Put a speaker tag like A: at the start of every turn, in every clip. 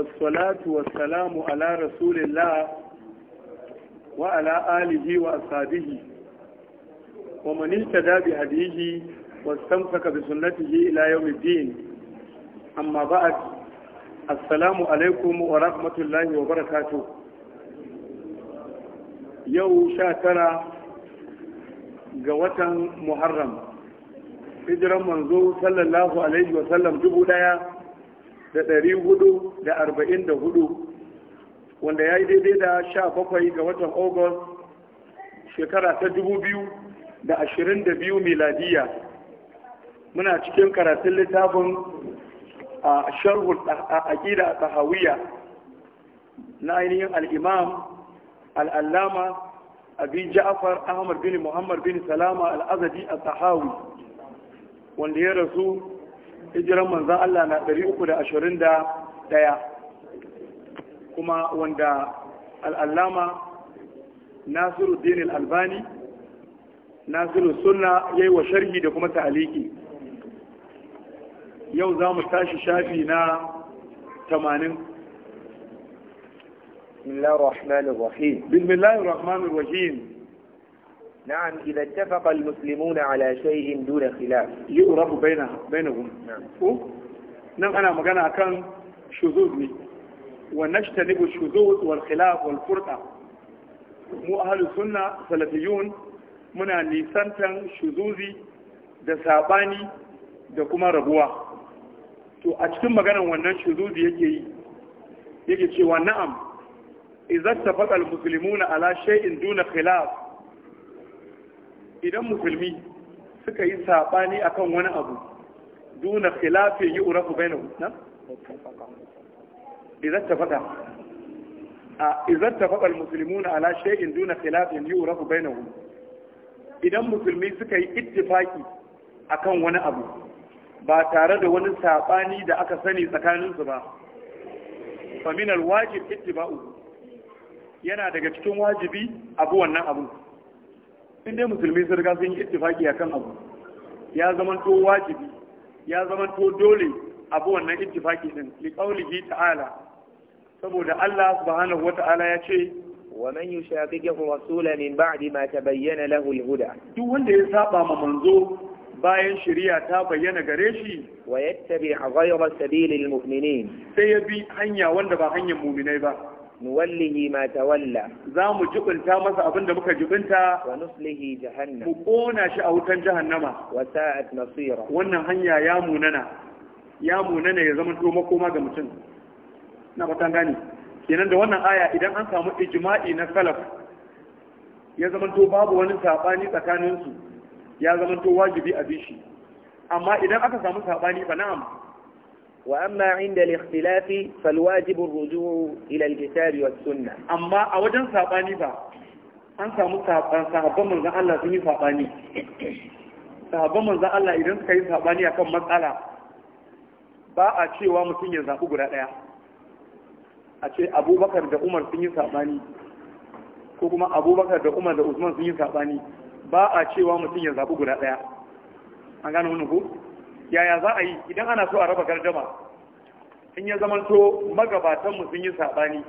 A: wasalatu wasalamu ala rasulillah wa ala alihi wa ashabihi wa man ihtada bi hadihi wastamsaka bi sunnatihi ila yawmiddin amma ba'd assalamu alaikum wa rahmatullahi wa barakatuh yau sha tara ga watan muharram hijiran manzo sallallahu alaihi wa sallam dubu da ɗari hudu da arba'in da hudu wanda ya yi daidai da sha bakwai ga watan Ogos shekara ta dubu biyu da ashirin da biyu miladiya muna cikin karatun littafin a sharhul aƙida a tahawiyya na ainihin al'imam al'allama abin ja'afar ahmad bin muhammad bin salama al'azadi a tahawi wanda ya rasu hijiran manzan Allah na 321 kuma wanda al'allama nasiru dinil albani nasiru suna ya yi wa sharhi da kuma ta'aliki yau za mu tashi shafi na 80 بسم الله الرحمن الرحيم بسم الله الرحمن الرحيم نعم إذا اتفق المسلمون على شيء دون خلاف يؤرب بينهم نعم نعم أنا مقانا كان شذوذني ونجتنب الشذوذ والخلاف والفرقة مو أهل السنة سلفيون muna nisantan shuzuzi da saɓani da kuma rabuwa to a cikin maganan wannan shuzuzi yake yi yake cewa na'am idan tafaqal muslimuna ala shay'in duna khilaf idan musulmi suka yi saɓani akan wani abu duna khilafi yi urafu bai na idan a idan ta faɗa musulmi na ala shay'in duna khilafi yi urafu bai na idan musulmi suka yi ittifaki akan wani abu ba tare da wani saɓani da aka sani tsakaninsu ba faminal wajib ittiba'u yana daga cikin wajibi abu wannan abu in dai musulmi sun riga sun yi ittifaki akan abu ya zama to wajibi ya zama to dole abu wannan ittifaki din li qaulihi ta'ala saboda Allah subhanahu wata'ala ya ce wa man yushaqiqu rasulan min ba'di ma tabayyana lahu al-huda duk wanda ya saba ma manzo bayan shari'a ta bayyana gare shi wa yattabi ghayra sabilil mu'minin sai ya bi hanya wanda ba hanyar mu'minai ba nuwallihi ma tawalla za mu jubunta masa abin da muka jubunta wa nuslihi jahannam mu kona shi a wutan jahannama wa sa'at nasira wannan hanya ya munana ya munana ya zama doma koma ga mutum na fatan gane kenan da wannan aya idan an samu ijma'i na salaf ya zama to babu wani sabani tsakanin su ya zama to wajibi a bishi amma idan aka samu sabani fa na'am وأما عند الاختلاف فالواجب الرجوع إلى الكتاب والسنة أما أوجن ساباني با أنسى مصابان صحابة من ذا الله سمي ساباني صحابة من ذا الله إذن سكي ساباني أكم مسألة ba a cewa mutum ya zaɓi guda ɗaya a ce abubakar da umar sun yi saɓani ko kuma abubakar da umar da usman sun yi saɓani ba a cewa mutum ya zaɓi guda ɗaya an gane wani ku yaya za a yi idan ana so a raba gardama in ya zamanto magabatanmu sun yi saɓani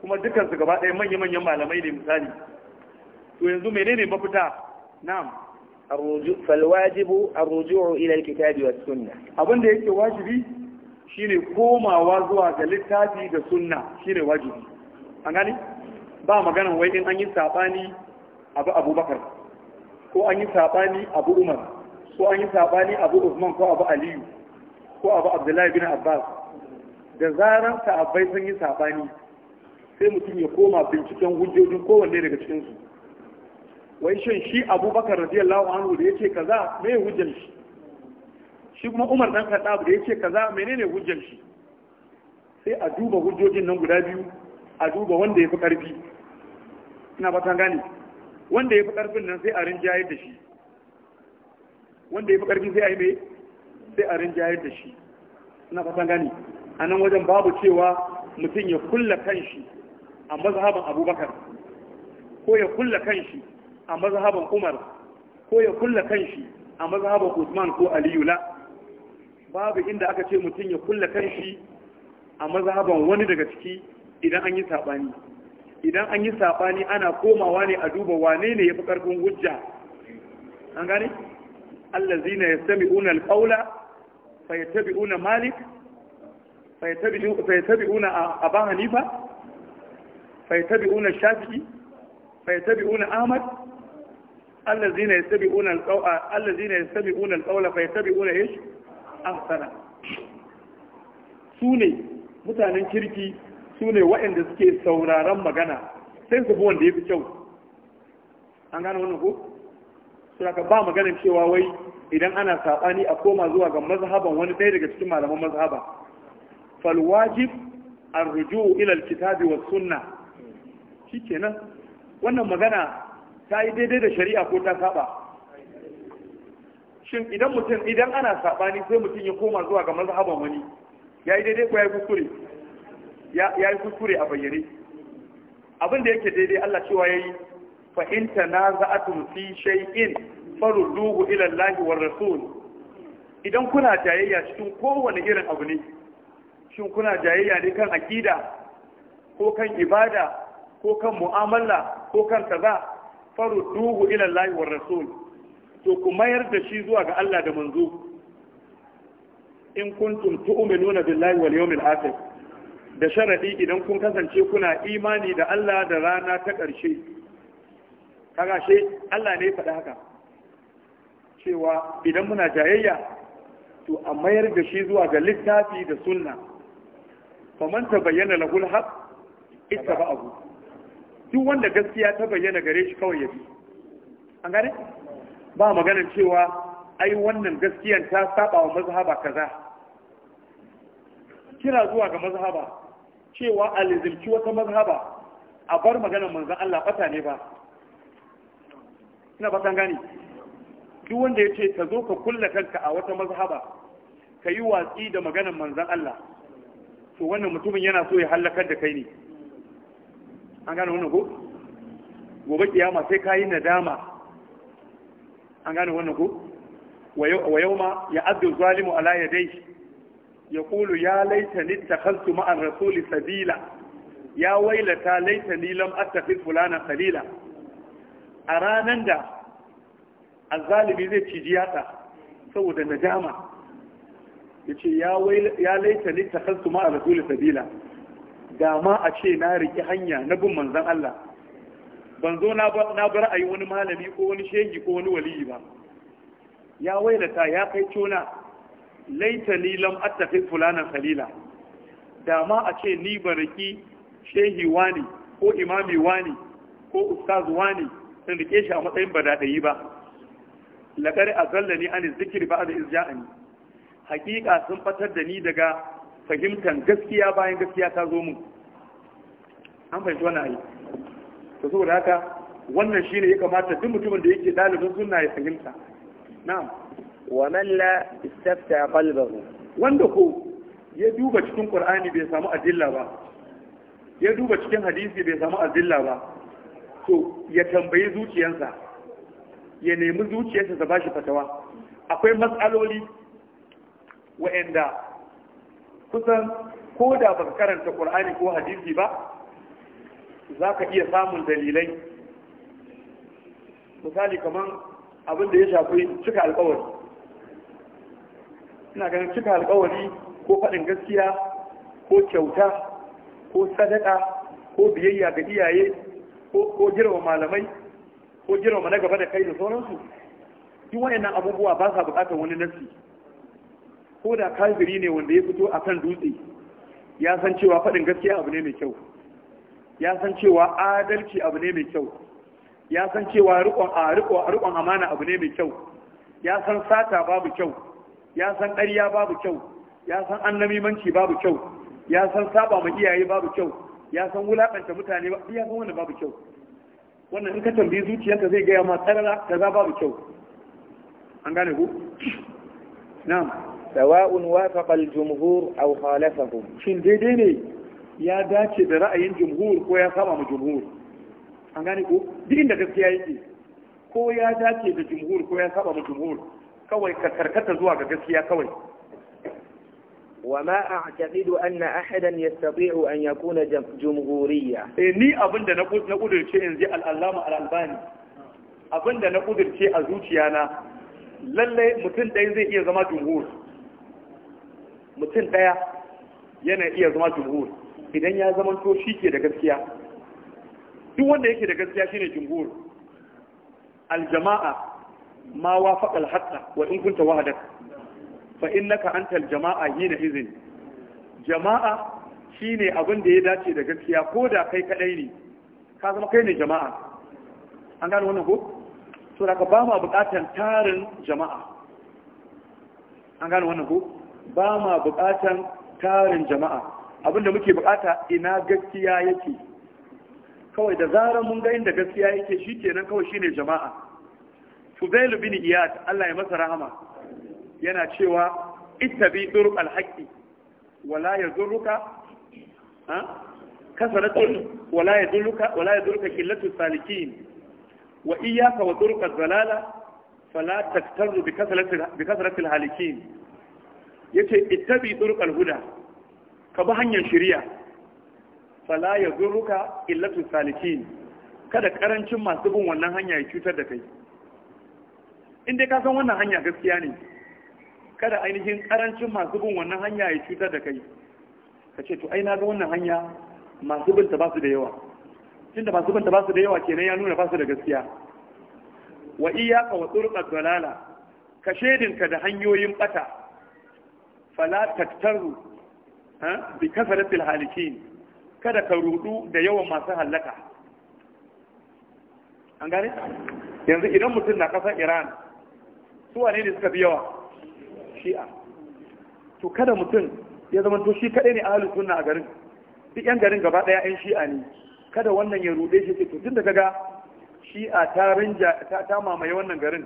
A: kuma dukansu gaba ɗaya manya-manyan malamai ne misali to yanzu menene mafita na'am falwajibu arruju'u ila alkitabi wa sunna abin da yake wajibi shine komawa zuwa ga littafi da sunna shine wajibi an gani ba maganan wai in an yi saɓani abu abubakar ko an yi saɓani abu umar ko an yi sabani abu Usman ko abu Aliyu ko abu Abdullahi bin Abbas da zaran sahabbai sun yi sabani sai mutum ya koma binciken hujjojin kowanne daga cikin su wai shin shi Abubakar radiyallahu anhu da yake kaza me hujjar shi shi kuma Umar dan Khattab da yake kaza menene hujjar shi sai a duba hujjojin nan guda biyu a duba wanda ya fi ƙarfi ina ba ta gane wanda ya fi ƙarfin nan sai a rinjaye da shi wanda ya fi ƙarfi sai a yi mai sai a rinjayar da shi na fatan gani a nan wajen babu cewa mutum ya kulla kanshi a mazhaban abubakar ko ya kulla kanshi a mazhaban umar ko ya kulla kanshi a mazhaban usman ko aliyu la babu inda aka ce mutum ya kulla kanshi a mazhaban wani daga ciki idan an yi saɓani idan an yi saɓani ana komawa ne a duba wane ne ya fi ƙarfin hujja an gane allazina yastami'una alqawla fayattabi'una malik fayattabi'una abu hanifa fayattabi'una shafi'i fayattabi'una ahmad allazina yastabi'una alqawla allazina yastabi'una alqawla fayattabi'una ish ahsana sune mutanen kirki sune waɗanda suke sauraron magana sai su bi wanda yafi kyau an gane wannan ko saka ba maganin cewa wai idan ana sabani a koma zuwa ga mazhaban wani ɗaya daga cikin malaman mazhaba fal wajib ar-ruju' ila al-kitabi wa sunna shikenan wannan magana ta yi daidai da shari'a ko ta saba shin idan mutum idan ana sabani sai mutum ya koma zuwa ga mazhaban wani ya yi daidai ko ya yi kuskure ya yi kuskure a bayyane abin da yake daidai Allah cewa ya yi fa in tanaza'atum fi shay'in farudduhu ila Allah war rasul idan kuna jayayya cikin kowane irin abu ne shin kuna jayayya ne kan akida ko kan ibada ko kan mu'amala ko kan kaza farudduhu ila Allah war rasul to ku mayar da shi zuwa ga Allah da manzo in kuntum tu'minuna billahi wal yawmil akhir da sharadi idan kun kasance kuna imani da Allah da rana ta ƙarshe kaga shi Allah ne ya faɗa haka cewa idan muna jayayya to a mayar da shi zuwa ga littafi da sunna faman ta bayyana lahul haq ita ba abu duk wanda gaskiya ta bayyana gare shi kawai ya bi an gane ba maganar cewa ai wannan gaskiyan ta saba wa mazhaba kaza kira zuwa ga mazhaba cewa a lizimci wata mazhaba a bar maganar manzon Allah fata ne ba ba fatan gani duk wanda ya ce ka zo ka kulla kanka a wata mazhaba ka yi watsi da maganar manzan Allah to wannan mutumin yana so ya hallakar da kai ne an gane wannan ko gobe kiyama sai ka yi nadama an gane wannan ko wa yau ma ya addu zalimu ala yadayhi يقول يا ليتني اتخذت مع الرسول سبيلا يا ويلتى ليتني لم اتخذ فلانا خليلا a ranar da azalibi zai ciji jiyata saboda najama ya ce ya laita ni kansu ma a rasulun sabila da ma a ce na riƙi hanya na bin manzan Allah ban zo na bar a yi wani malami ko wani shehi ko wani waliyi ba ya wailata ya kai cona laita ni lam attafi fulanan salila da ma a ce ni baraki shehi wani ko imami wani ko ustaz wani sun rike shi a matsayin ba daɗayi ba a zalla ni an zikiri ba da ani. hakika sun fatar da ni daga fahimtar gaskiya bayan gaskiya ta zo mu an fahimci wannan ayi to saboda haka wannan shine ya kamata duk mutumin da yake dalibin sunna ya fahimta na'am wa man la istafta qalbahu wanda ko ya duba cikin qur'ani bai samu adilla ba ya duba cikin hadisi bai samu adilla ba to ya tambayi zuciyarsa ya nemi zuciyarsa ta bashi fatawa akwai matsaloli wa'anda kusan ko da ka karanta ƙul'ani ko hadisi ba za ka iya samun dalilai misali kamar abin da ya shafi cika alkawari ina ganin cika alkawari ko faɗin gaskiya ko kyauta ko sadaka ko biyayya ga iyaye ko girma malamai ko girma na gaba da kai da sauransu duk wayannan abubuwa ba sa bukatar wani nasi ko da kafiri ne wanda ya fito akan dutse ya san cewa faɗin gaskiya abu ne mai kyau ya san cewa adalci abu ne mai kyau ya san cewa riƙon amana abu ne mai kyau ya san sata babu kyau ya san ƙarya babu kyau ya san annamimanci babu kyau ya san saba ma iyaye babu kyau ya san wulaƙanta mutane ba ya san wani babu kyau wannan in ka tambayi zuciyarka zai gaya ma tsarara za babu kyau an gane ku na'am sawa'un wafaqa al-jumhur aw khalafahum shin daidai ne ya dace da ra'ayin jumhur ko ya saba ma jumhur an gane ku duk inda gaskiya yake ko ya dace da jumhur ko ya saba ma jumhur kawai ka karkata zuwa ga gaskiya kawai وما أعتقد أن أحدا يستطيع أن يكون جمهورية إني أبدا نقول نقول شيء إن زي الألامة الألباني أبدا نقول شيء أزوجي أنا للي متن دين زي إيه زما جمهور متن ديا yana iya zama jumhur idan ya zama to shi ke da gaskiya duk wanda yake da gaskiya shine jumhur aljama'a ma wafaqa alhaqa wa in kunta wahdaka fa innaka antal jama'a hina izin jama'a shine abin da ya dace da gaskiya ko da kai kadai ne ka zama kai ne jama'a an gano wannan ko to ka ba ma bukatan tarin jama'a an gano wannan ko ba ma bukatan tarin jama'a abin da muke bukata ina gaskiya yake kawai da zarar mun ga inda gaskiya yake shikenan kawai shine jama'a Fuzail bin Iyad Allah ya masa rahama yana cewa ittabi durq alhaqi wala yadurruka ha kasaratu wala ya wala yadurruka qillatu salikin wa iyyaka wa durq adh-dhalala fala taktaru bi kasrati bi kasrati alhalikin yace ittabi durq alhuda ka bi hanyar shari'a fala yadurruka qillatu salikin kada karancin masu bin wannan hanya ya cutar da kai in dai ka san wannan hanya gaskiya ne kada ainihin karancin masu bin wannan hanya ya cutar da kai ka ce to ai na ga wannan hanya masu bin ta ba su da yawa tunda masu bin ta ba su da yawa kenan ya nuna ba su da gaskiya wa ka wa turqat dalala ka shedinka da hanyoyin bata fala taktaru ha bi halikin kada ka rudu da yawan masu halaka an gane yanzu idan mutum na kasar iran su wane ne suka fi yawa shi'a to kada mutum ya zama to shi kadai ne ahlus sunna a garin duk yan garin gaba daya yan shi'a ne kada wannan ya rude shi to tun da kaga shi'a ta rinja ta, ta mamaye wannan garin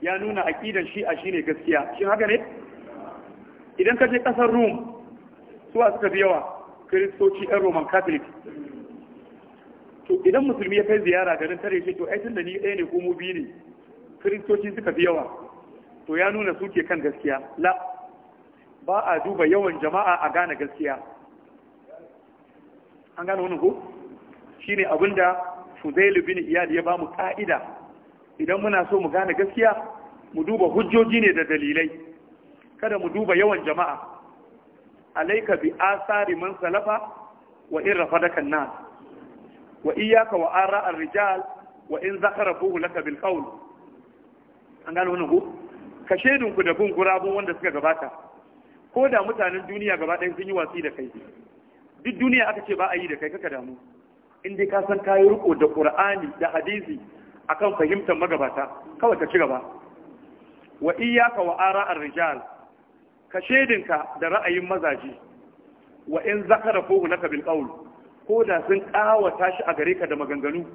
A: ya nuna aqidan shi'a shine gaskiya shin haka ne idan ka je kasar Rum a suka fi yawa kiristoci yan Roman Catholic to idan musulmi ya kai ziyara garin tare shi to ai tun da ni ɗaya ne ko mu biyu ne kiristoci suka fi yawa to ya nuna suke kan gaskiya la ba a duba yawan jama'a a gane gaskiya an gane wani ko ne abinda Fuzailu bin iyali ya bamu ka'ida idan muna so mu gane gaskiya mu duba hujjoji ne da dalilai kada mu duba yawan jama'a alaika bi asari man salafa wa in rafadaka nan wa iyaka wa ara ar-rijal wa in zakarabuhu laka bil an gano wani ko ka da bin gurabun wanda suka gabata ko da mutanen duniya gaba ɗaya sun yi watsi da kai duk duniya aka ce ba a yi da kai kaka damu in dai ka san ka yi riko da qur'ani da hadisi akan fahimtar magabata kawai ka ci gaba wa iyyaka wa a rijal ka shaidinka da ra'ayin mazaji wa in zakara ko laka bil qawl ko da sun kawata shi a gare ka da maganganu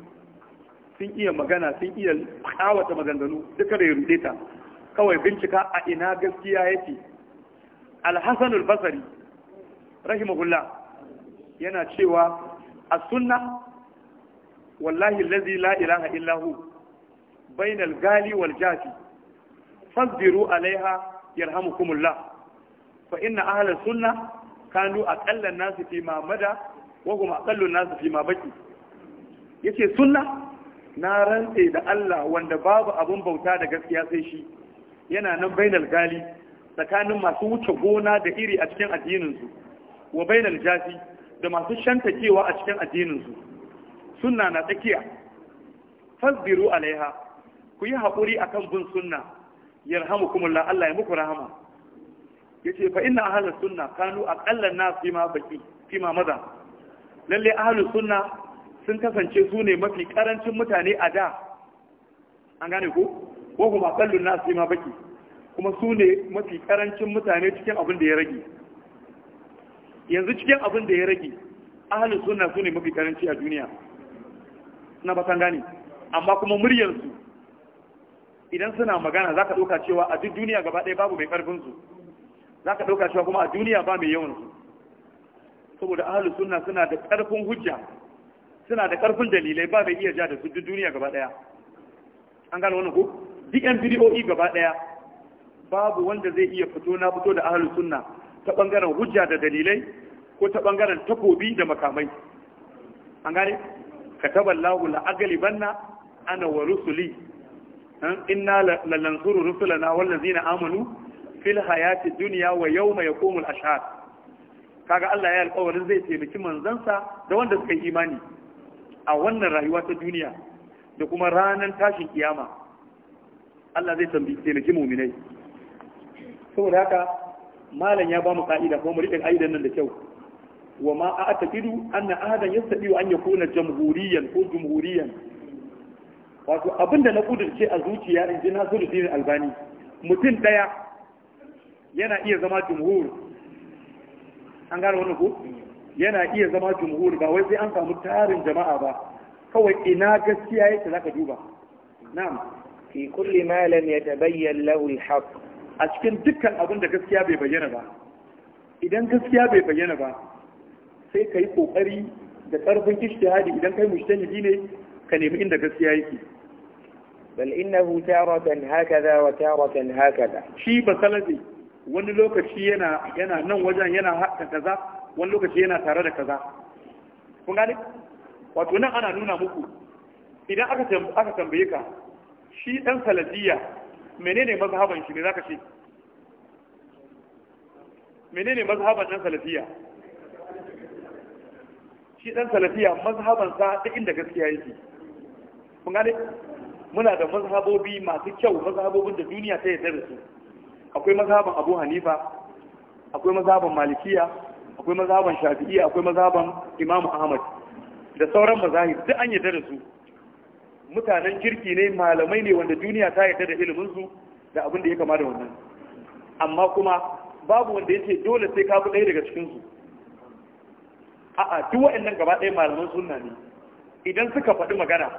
A: sun iya magana sun iya kawata maganganu duka da ya rude ta kawai bincika a ina gaskiya yake alhassan basari rahimahullah yana cewa a sunna wallahi lazi la ilaha illahu bainal gali wal jafi fasbiru alaiha yarhamukumullah fa inna ahla sunna kanu aqallan an fi ma mada wa hum aqallun an fi ma baki yace sunna na rantse da Allah wanda babu abun bauta da gaskiya sai shi yana nan bainal gali tsakanin masu wuce gona da iri a cikin addininsu wa bainal jafi da masu shantakewa a cikin addininsu sunna na tsakiya fasbiru alaiha ku yi haƙuri akan bin sunna yarhamukumullah Allah ya muku rahama yace fa inna ahla sunna kanu aqalla na fima baqi fima maza lalle ahlu sunna sun kasance su ne mafi ƙarancin mutane a da an gane ku wa huma qallun nas ma baki kuma su ne mafi karancin mutane cikin abin da ya rage yanzu cikin abin da ya rage ahlus sunna su ne mafi karanci a duniya na ba san gane amma kuma muryar su idan suna magana zaka dauka cewa a duk duniya gaba ɗaya babu mai karfin su zaka dauka cewa kuma a duniya ba mai yawan su saboda ahlus sunna suna da karfin hujja suna da karfin dalilai ba mai iya ja da su duk duniya gaba ɗaya an gane wannan ko duk yan bidiyoyi gaba daya babu wanda zai iya fito na fito da ahlus sunna ta bangaren hujja da dalilai ko ta bangaren takobi da makamai an gane kataballahu la aglibanna ana wa rusuli inna la nansuru rusulana ladina amanu fil hayati dunya wa yawma yaqumul ashhad kaga Allah ya alƙawarin zai taimaki manzansa da wanda suka yi imani a wannan rayuwa ta duniya da kuma ranar tashin kiyama Allah zai tambi taimaki muminai saboda haka malam ya ba mu ka'ida kuma mu riƙe ka'idan nan da kyau wa ma a atakidu anna ahadan yastadi an yakuna jamhuriyan ko jumhuriyan wato abinda na kudurce a zuciya in ji Nasiruddin Albani mutum daya yana iya zama jumhur an gane wannan ko yana iya zama jumhur ba wai sai an samu tarin jama'a ba kawai ina gaskiya yake zaka duba
B: na'am fi kulli
A: ma lam yatabayyan lahu al-haq a cikin dukkan abin da gaskiya bai bayyana ba idan gaskiya bai bayyana ba sai kai kokari da karfin ijtihadi idan kai mujtahidi ne ka nemi inda gaskiya yake bal innahu taratan hakaza wa taratan hakaza shi basalabi wani lokaci yana yana nan wajen yana haka kaza wani lokaci yana tare da kaza kun gane wato nan ana nuna muku idan aka tambaye ka shi dan salafiya menene mazhaban shi me zaka ce menene mazhaban dan salafiya shi
B: dan salafiya mazhaban
A: sa duk inda gaskiya yake mun gane muna da mazhabobi masu kyau mazhabobin da duniya ta yarda da su akwai mazhaban Abu Hanifa akwai mazhaban Malikiya akwai mazhaban Shafi'i, akwai mazhaban Imam Ahmad da sauran mazahib duk an yarda da su mutanen kirki ne malamai ne wanda duniya ta yarda da iliminsu da abin da ya kama da wannan amma kuma babu wanda ya ce dole sai ka fi ɗaya daga cikinsu a'a duk waɗannan gaba ɗaya malaman sunna ne idan suka faɗi magana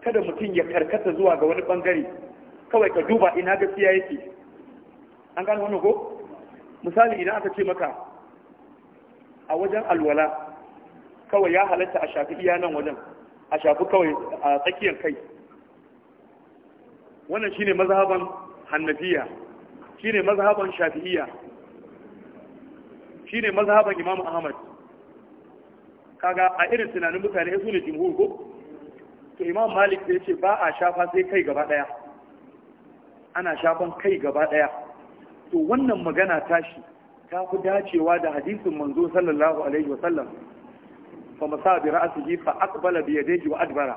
A: kada mutum ya karkata zuwa ga wani ɓangare kawai ka duba ina gaskiya yake an gane wannan ko misali idan aka ce maka a wajen alwala kawai ya halatta a shafi iya nan wajen a shafi kawai a tsakiyar kai wannan shine mazhaban hannafiya shine mazhaban shafi'iyya shine mazhaban imam ahmad kaga a irin tunanin mutane su ne jimhur ko to imam malik da yace ba a shafa sai kai gaba daya ana shafan kai gaba daya to wannan magana tashi ta fi dacewa da hadisin manzo sallallahu alaihi wasallam fa masa bi ra'sihi fa aqbala bi yadayhi wa adbara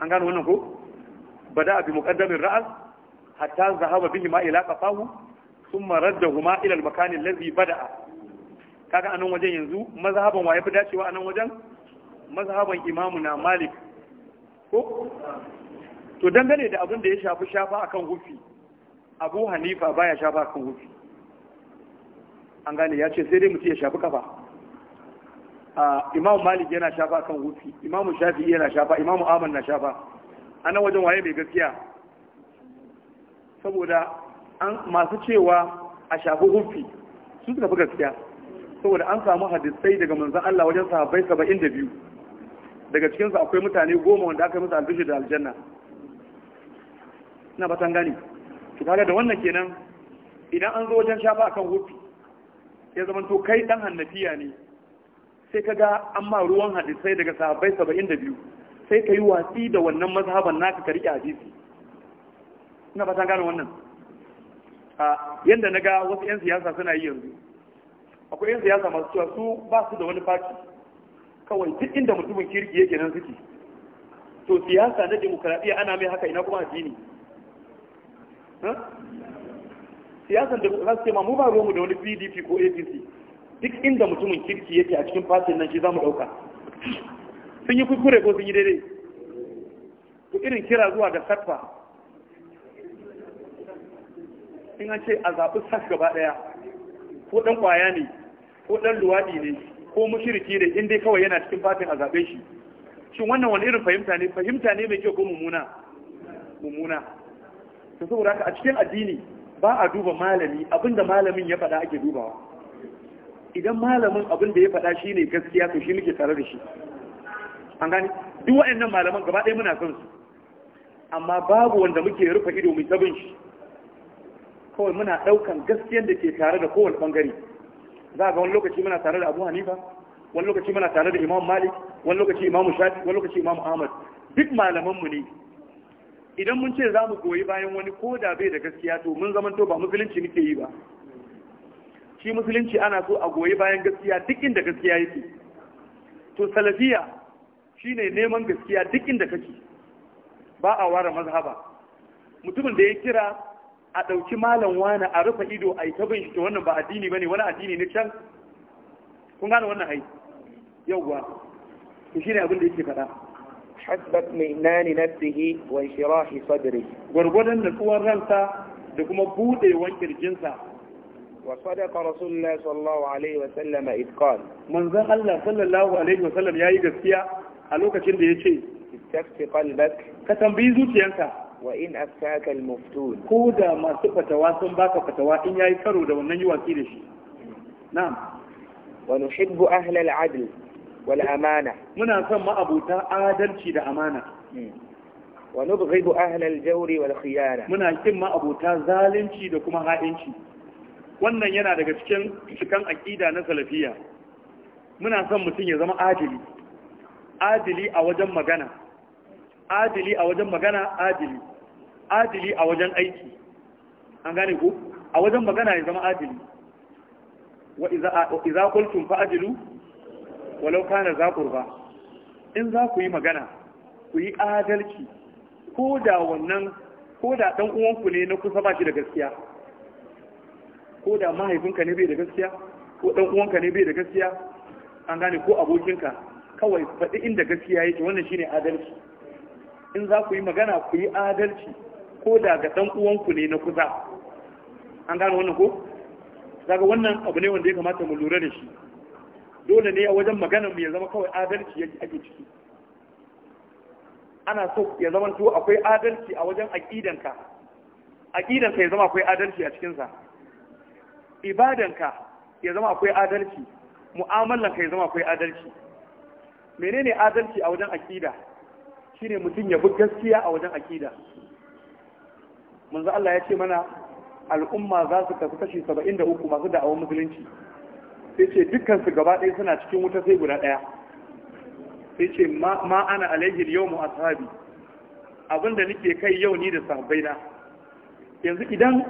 A: an gano wannan ko bada bi muqaddamin ra'as hatta zahaba bihi ma ila qafahu thumma raddahuma ila al-makan alladhi bada'a kaga anan wajen yanzu mazhaban waye fi dacewa anan wajen mazhaban imamu na malik ko to dangane da abin da ya shafi shafa akan hufi abu hanifa baya shafa akan hufi an gane ya ce sai dai mutum ya shafi kafa imam malik yana shafa kan hufi imam shafi yana shafa imam ahmad na shafa ana wajen waye mai gaskiya saboda masu cewa a shafi hufi su suka fi gaskiya saboda an samu hadisai daga manzan Allah wajen sahabbai saba'in da biyu daga cikinsu akwai mutane goma wanda aka musu albishir da aljanna na batan gani su kaga da wannan kenan idan an zo wajen shafa akan hufi ya zama to kai dan hannafiya ne sai ka ga an ma ruwan hadisai daga sahabbai saba'in da biyu sai ka yi watsi da wannan mazhaban naka ka riƙe hadisi ina fatan gane wannan a yanda na ga wasu 'yan siyasa suna yi yanzu akwai 'yan siyasa masu cewa su ba su da wani faki kawai duk inda mutumin kirki yake nan suke to siyasa na demokuraɗiyya ana mai haka ina kuma addini siyasan da su ce ma mu ba ruwanmu da wani pdp ko apc duk inda mutumin kirki yake a cikin fasin nan shi za mu ɗauka sun yi kukure ko sun yi daidai ku irin kira zuwa ga sarfa in an ce a zaɓi sas gaba ɗaya ko ɗan ƙwaya ne ko ɗan luwaɗi ne ko mushiriki ne in dai kawai yana cikin fasin a zaɓe shi shin wannan wani irin fahimta ne fahimta ne mai kyau ko mummuna mummuna to saboda haka a cikin addini ba a duba malami abinda malamin ya faɗa ake dubawa idan malamin abin da ya faɗa shi ne gaskiya to shi muke tare da shi an gani duk waɗannan malaman gaba ɗaya muna son su amma babu wanda muke rufe ido mai tabin shi kawai muna ɗaukan gaskiyar da ke tare da kowane ɓangare za ga wani lokaci muna tare da abu hanifa wani lokaci muna tare da imam malik wani lokaci imam shafi wani lokaci imam ahmad duk mu ne idan mun ce za mu goyi bayan wani ko da bai da gaskiya to mun zamanto ba musulunci muke yi ba shi musulunci ana so a goyi bayan gaskiya duk inda gaskiya yake to salafiya shine neman gaskiya duk inda kake ba a ware mazhaba mutumin da ya kira a ɗauki malam wani a rufe ido a yi ta bin shi wannan ba addini ba ne wani addini ne can kun gane wannan hai yauwa to shine abin da yake faɗa hasbat minani nafsihi wa shirahi sadri da natsuwar ransa da kuma budewan kirjinsa وصدق رسول الله صلى الله عليه وسلم إذ قال من ذا الله صلى الله عليه وسلم يا يغسيا a lokacin da ya ce istafi qalbak ka tambayi zuciyanka wa in aftaka almuftun ko da masu fatawa sun baka fatawa in yayi karo da wannan yi da shi na'am wa nuhibbu ahla al-adl amana muna son ma'abuta adalci da amana hmm. wa nubghidu ahla al wal muna kin ma'abota zalunci da kuma ha'inci wannan yana daga cikin cikan aƙida na salafiya muna son mutum ya zama adili adili a wajen magana adili a wajen magana adili adili a wajen aiki an gane ku a wajen magana ya zama adili wa iza kultum fa adilu walau kana za qurba in za ku yi magana ku yi adalci ko da wannan ko da dan uwanku ne na kusa ba shi da gaskiya ko da mahaifinka ne bai da gaskiya ko dan uwanka ne bai da gaskiya an gane ko abokinka kawai faɗi inda gaskiya yake wannan shine adalci in za ku yi magana ku yi adalci ko da ga dan uwanku ne na kusa an gane wannan ko daga wannan abu ne wanda ya kamata mu lura da shi dole ne a wajen magana mu ya zama kawai adalci yake ake ciki ana so ya zama to akwai adalci a wajen aqidanka aqidanka ya zama akwai adalci a cikin sa ibadanka ya zama akwai adalci mu'amalanka ya zama akwai adalci menene adalci a wajen akida shine mutum ya bi gaskiya a wajen akida manzo Allah ya ce mana al'umma za su kasu kashi 73 masu da'awar musulunci sai ce dukkan su gaba ɗaya suna cikin wuta sai guda ɗaya sai ce ma ana alaihi yau mu ashabi abinda nake kai yau ni da na yanzu idan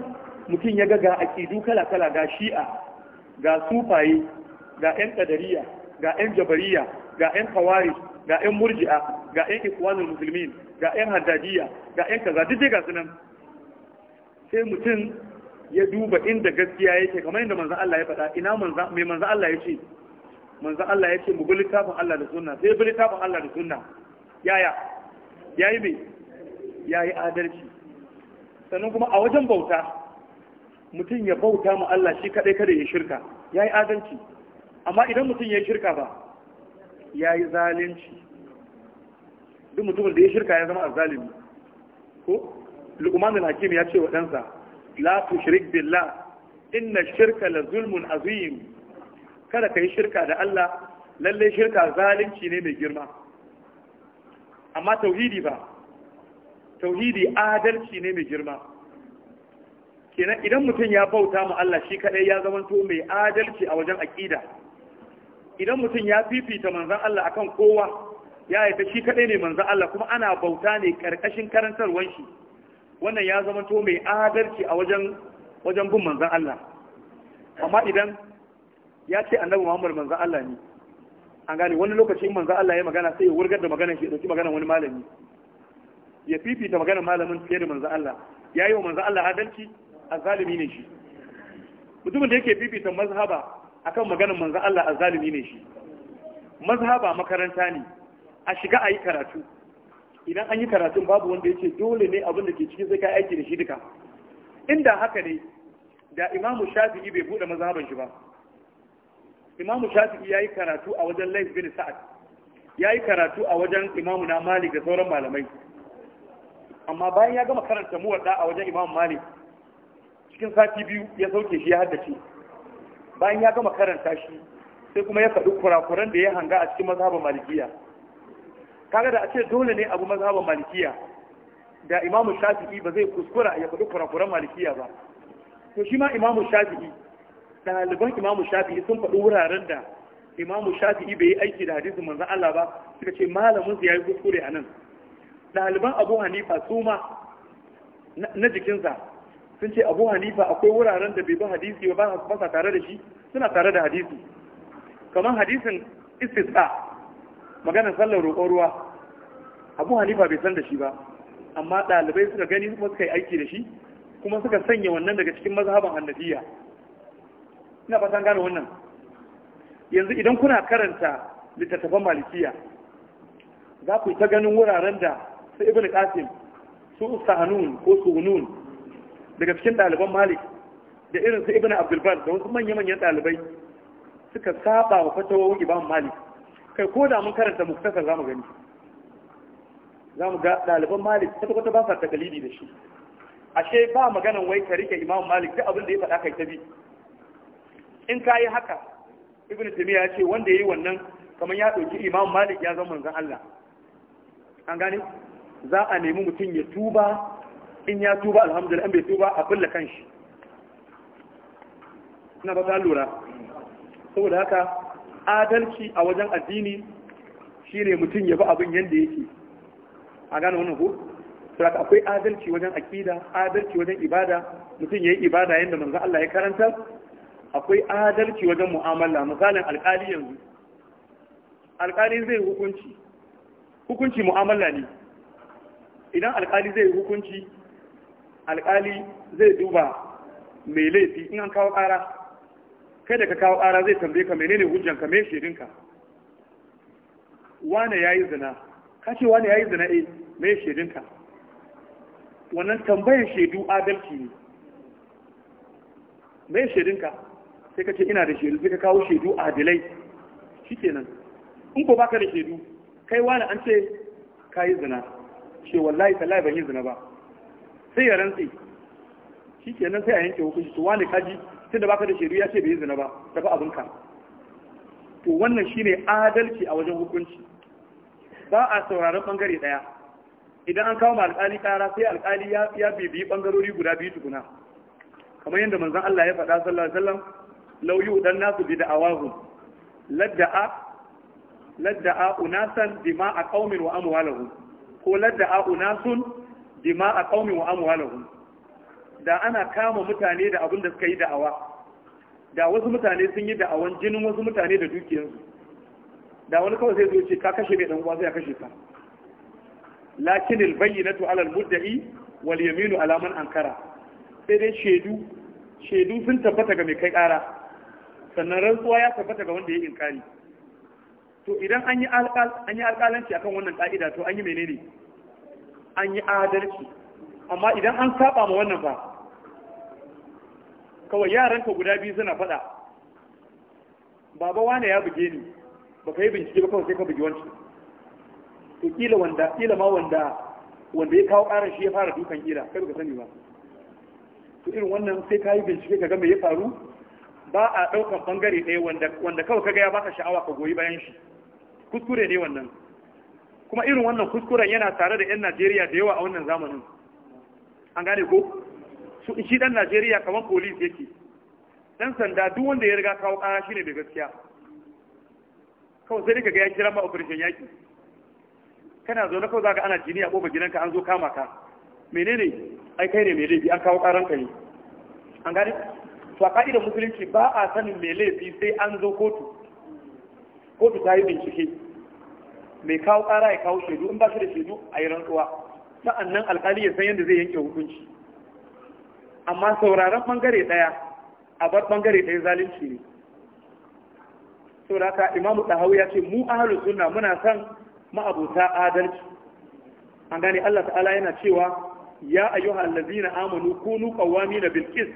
A: mutum ya ga ga aƙidu kala-kala ga shi'a ga sufaye ga 'yan ƙadariya ga 'yan jabariya ga 'yan kawari ga 'yan murji'a ga 'yan ikwanin Musulmi, ga 'yan haddadiya ga 'yan kaza duk ga sunan sai mutum ya duba inda gaskiya yake kamar inda manzan Allah ya faɗa ina mai manzan Allah ya ce manzan Allah ya ce mu bi littafin Allah da sunna sai bi littafin Allah da sunna yaya yayi me yayi adalci sannan kuma a wajen bauta mutum ya bauta ma Allah shi kadai kada ya shirka Ya yi adalci amma idan mutum ya yi shirka ba ya yi zalunci duk mutumin da ya shirka ya zama zalimi ko lukumanin hakim ya ce wa ɗansa la Shirik billah inna shirka la zulmun azim kada ka yi shirka da Allah lalle shirka zalunci ne mai girma amma tauhidi ba tauhidi adalci ne mai girma kenan idan mutum ya bauta ma Allah shi kadai ya zamanto mai adalci a wajen aqida idan mutum ya fifita manzon Allah akan kowa ya yarda shi kadai ne manzon Allah kuma ana bauta ne karkashin karantarwar shi wannan ya zamanto mai adalci a wajen wajen bin manzon Allah amma idan ya ce annabi Muhammad manzon Allah ne an gane wani lokaci manzon Allah ya magana sai ya wurgar da maganar shi ya dauki maganar wani malami ya fifita maganar malamin fiye da manzon Allah ya yi wa manzon Allah adalci azzalimi ne shi mutumin da yake fifita mazhaba akan maganar manzan Allah azalimi ne shi mazhaba makaranta ne a shiga ayi karatu idan an yi karatun babu wanda ya ce dole ne abin da ke cikin sai ka aiki da shi duka inda haka ne da imamu shafi'i bai buɗe mazhaban shi ba imamu shafi'i ya yi karatu a wajen laif bin sa'ad ya yi karatu a wajen imamu na malik da sauran malamai amma bayan ya gama karanta muwadda a wajen imamu malik cikin sati biyu ya sauke shi ya haddace bayan ya gama karanta shi sai kuma ya faɗi kurakuran da ya hanga a cikin mazhaban malikiya kaga da a ce dole ne abu mazhaban malikiya da imamu shafi'i ba zai kuskura ya faɗi kurakuran malikiya ba to shi ma imamu shafi'i ɗaliban imamu shafi'i sun faɗi wuraren da imamu shafi'i bai yi aiki da hadisin manzan Allah ba suka ce malamin su ya yi kuskure a nan ɗaliban abu hanifa su ma na jikinsa sun ce abu hanifa akwai wuraren da bai bi hadisi ba ba sa tare da shi suna tare da hadisi kamar hadisin istisqa maganar sallar roƙon ruwa abu hanifa bai san da shi ba amma ɗalibai suka gani kuma suka yi aiki da shi kuma suka sanya wannan daga cikin mazhaban annabiya. ina fatan gane wannan yanzu idan kuna karanta littattafan malikiya za ku yi ta ganin wuraren da su ibn qasim su usahanun ko su daga cikin ɗaliban malik da irin su ibn abdulbar da wasu manya-manyan ɗalibai suka saba wa fatawowin imam malik kai ko da mun karanta muktasar zamu gani zamu ga ɗaliban malik ta kwata ba sa takalidi da shi ashe ba maganan wai ka rike imam malik duk abin da ya faɗa kai ta bi in ka yi haka ibn timiya ya ce wanda ya yi wannan kamar ya ɗauki imam malik ya zama manzon allah an gane za a nemi mutum ya tuba in ya tuba alhamdulillah in bai tuba a kulla kanshi na ba ta lura saboda haka adalci a wajen addini shine mutum ya bi abin yadda yake a gane wannan ko saboda akwai adalci wajen akida adalci wajen ibada mutum ya yi ibada yadda manzo Allah ya karanta akwai adalci wajen mu'amala misalin alƙali yanzu alƙali zai hukunci hukunci mu'amala ne idan alƙali zai hukunci alkali zai duba mai laifi in an kawo ƙara kai da ka kawo ƙara zai tambaye ka menene hujjan ka me shirinka wane yayi zina ka ce wane yayi zina eh me shirinka. wannan tambayar shedu adalci ne me shirinka. sai ka ce ina da shedu sai ka kawo shedu adilai shikenan in ko baka da shedu kai wani an ce ka yi zina ce wallahi tallahi ban yi zina ba sai ya rantsi shi ke nan sai a yanke hukunci to wani kaji sai da baka da shaidu ya ce bai zina ba tafi abinka to wannan shine adalci a wajen hukunci ba a sauraron bangare daya idan an kawo alƙali kara sai alkali ya bibiyi bangarori guda biyu tukuna kamar yadda manzon Allah ya faɗa sallallahu alaihi wasallam nasu bi da'awahum ladda'a ladda'a unasan dima a qaumin wa ko ladda'a unasun dima a ƙaunin wa amwalahum da ana kama mutane da abin da suka yi da'awa da wasu mutane sun yi da'awan jinin wasu mutane da dukiyarsu da wani kawai sai zoce ka kashe mai dan uwa sai ya kashe ka lakin na tu'alar almudda'i wal yaminu alaman ankara sai dai shaidu shaidu sun tabbata ga mai kai ƙara. sannan rantsuwa ya tabbata ga wanda ya yi inkari to idan an yi alƙalanci akan wannan ƙa'ida to an yi menene an yi adalci amma idan an saba ma wannan ba kawai yaranka guda biyu suna faɗa baba wane ya buge ni ba ka yi bincike ba kawai sai ka buge wancan to kila wanda kila ma wanda wanda ya kawo ƙarar shi ya fara dukan kila kai ka sani ba to irin wannan sai ka yi bincike ka ga me ya faru ba a daukan bangare ɗaya wanda kawai kaga ya baka sha'awa ka goyi bayan shi kuskure ne wannan kuma irin wannan kuskuren yana tare da 'yan najeriya da yawa a wannan zamanin an gane ko su shi dan najeriya kamar polis yake dan sanda duk wanda ya riga kawo kara shine da gaskiya kawai sai kaga ya kira ma operation yaki kana zo na kawai zaka ana jini a kofar gidanka an zo kama ka menene ai kai ne mai laifi an kawo karan ka ne an gane to a ka'idar musulunci ba a sanin mai laifi sai an zo kotu kotu ta yi bincike mai kawo ƙara ya kawo shaidu in ba shi da shaidu a yi rantsuwa sa'annan alƙali ya san yadda zai yanke hukunci amma sauraron ɓangare ɗaya a bar ɓangare ɗaya zalunci ne saboda imamu ɗahau ya ce mu ahalus sunna muna san ma'abuta adalci an gane Allah ta'ala yana cewa ya ayyuha allazina amanu kunu qawamina bil qist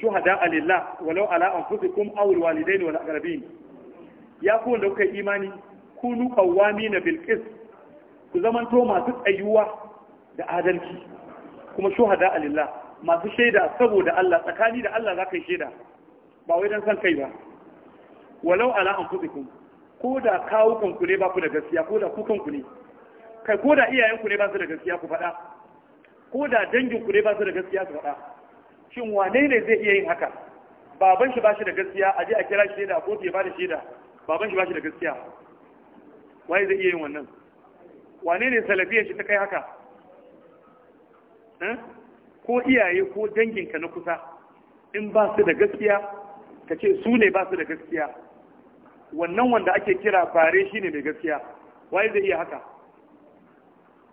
A: shuhada lillah walau ala anfusikum aw al wal aqrabin ya ku da kuka imani kunu kawami na Bilkis. ku zamanto masu tsayuwa da adalci kuma shuhada alillah masu shaida saboda Allah tsakani da Allah ka yi shaida ba wai dan san kai ba walau ala anfusikum ko da kawo kanku ne ba ku da gaskiya ko da ku kanku ne kai ko da iyayenku ne ba su da gaskiya ku faɗa ko da danginku ne ba su da gaskiya su faɗa shin wane ne zai iya yin haka baban shi ba shi da gaskiya a je a kira shaida ko ke ba da shaida baban shi ba shi da gaskiya waye zai iya yin wannan wane ne salafiyar shi ta kai haka eh? ko iyaye ko danginka na kusa in ba su da gaskiya ka ce su ne ba su da gaskiya wannan wanda ake kira Fare shi ne mai gaskiya waye zai iya haka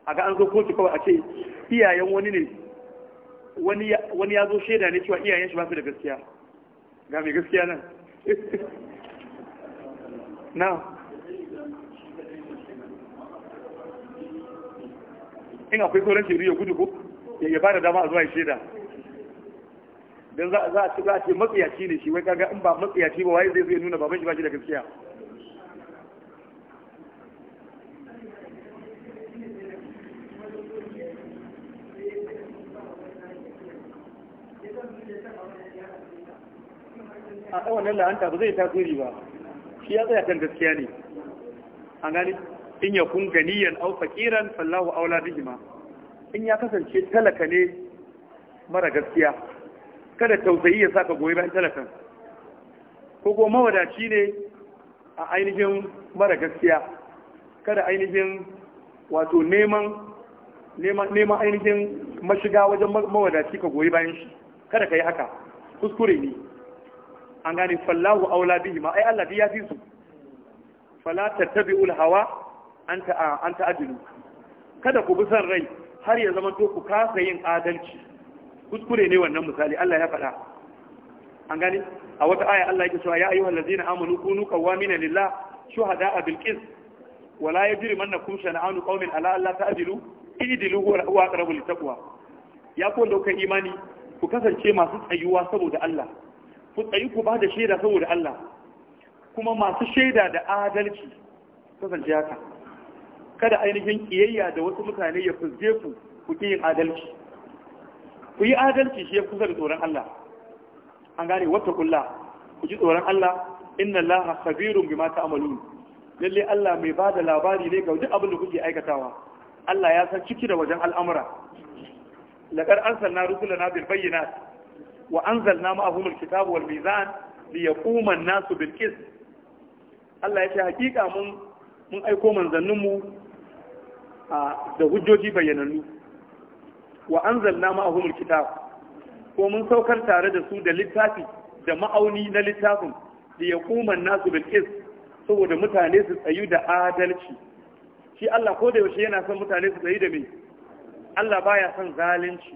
A: a ga an zo kotu kawai a ce iyayen wani ne wani ya zo shaida ne cewa iyayen shi ba su da gaskiya ga mai gaskiya nan
C: na in akwai tsoron shaidu ya gudu ko ya ba
A: da dama a zuwa ya shaida don za a ci za a ce matsiyaci ne shi wai kaga in ba matsiyaci ba waye zai zai nuna baban shi ba shi da gaskiya
B: a
C: wannan la'anta
A: ba zai tasiri ba shi ya tsaya kan gaskiya ne an gani in kun ganiyan aw fakiran fallahu aula bihima in ya kasance talaka ne mara gaskiya kada tausayi ya saka goyi bayan talakan ko ko mawadaci ne a ainihin mara gaskiya kada ainihin wato neman neman neman ainihin mashiga wajen mawadaci ka goyi bayan shi kada ka yi haka kuskure ne an gane fallahu aula bihima ai Allah ya fi su fala tattabi'ul hawa an ta'adilu kada ku bi son rai har ya zama to ku kasa yin adalci kuskure ne wannan misali Allah ya faɗa an gani a wata aya Allah ya cewa ya ayyuhal ladina amanu kunu qawamin lillah shuhada bil qist wala yajrimannakum shana'anu qawmin ala alla ta'dilu idilu huwa aqrabu lit taqwa ya ku dokan kan imani ku kasance masu tsayuwa saboda Allah ku tsayi ku bada shaida saboda Allah kuma masu shaida da adalci kasance haka kada ainihin kiyayya da wasu mutane ya fuzge ku ku ki yin adalci ku yi adalci shi ya kusa da tsoron Allah an gane wata kulla ku ji tsoron Allah inna Allah khabirun bima ta'malun lalle Allah mai ba da labari ne ga duk abin da kuke aikatawa Allah ya san ciki da wajen al'amura laqad arsalna rusulana bil bayyinat wa anzalna ma'ahum al-kitaba wal mizan liyaquma an-nasu bil qist Allah ya ce hakika mun mun aiko manzanninmu da hujjoji bayyanannu wa anzalna ma'ahumul kitab ko mun saukar tare da su da littafi da ma'auni na littafin da ya kuma nasu bil saboda mutane su tsayu da adalci shi Allah ko da yaushe yana son mutane su tsayu da me Allah baya son zalunci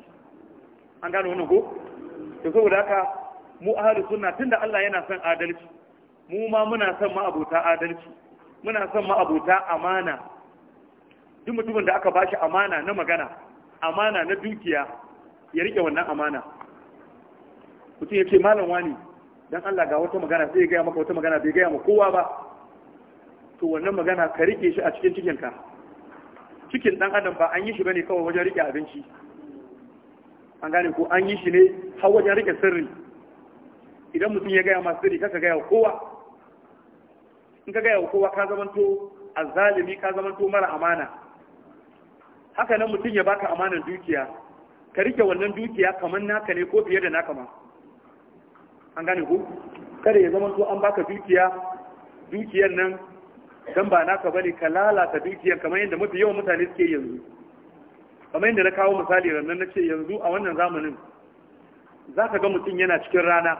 A: an gano wannan ko to saboda haka mu ahlus sunna tunda Allah yana son adalci mu ma muna son ma'abota adalci muna son ma'abota amana duk mutumin da aka ba shi amana na magana amana na dukiya ya rike wannan amana mutum ya ce malam wani don Allah ga wata magana sai ya gaya maka wata magana bai gaya ma kowa ba to wannan magana ka rike shi a cikin cikinka cikin dan adam ba an yi shi bane kawai wajen rike abinci an gane ko an yi shi ne har wajen rike sirri idan mutum ya gaya ma sirri kaka gaya wa kowa in ka gaya wa kowa ka zamanto azzalimi ka zamanto mara amana haka nan mutum ya baka amanar dukiya ka rike wannan dukiya kamar naka ne ko fiye da naka ma an gane ku kada ya zama to an baka dukiya dukiyar nan dan ba naka bane ka lalata dukiyar kamar yadda mafi yawan mutane suke yanzu kamar yadda na kawo misali rannan na ce yanzu a wannan zamanin za ka ga mutum yana cikin rana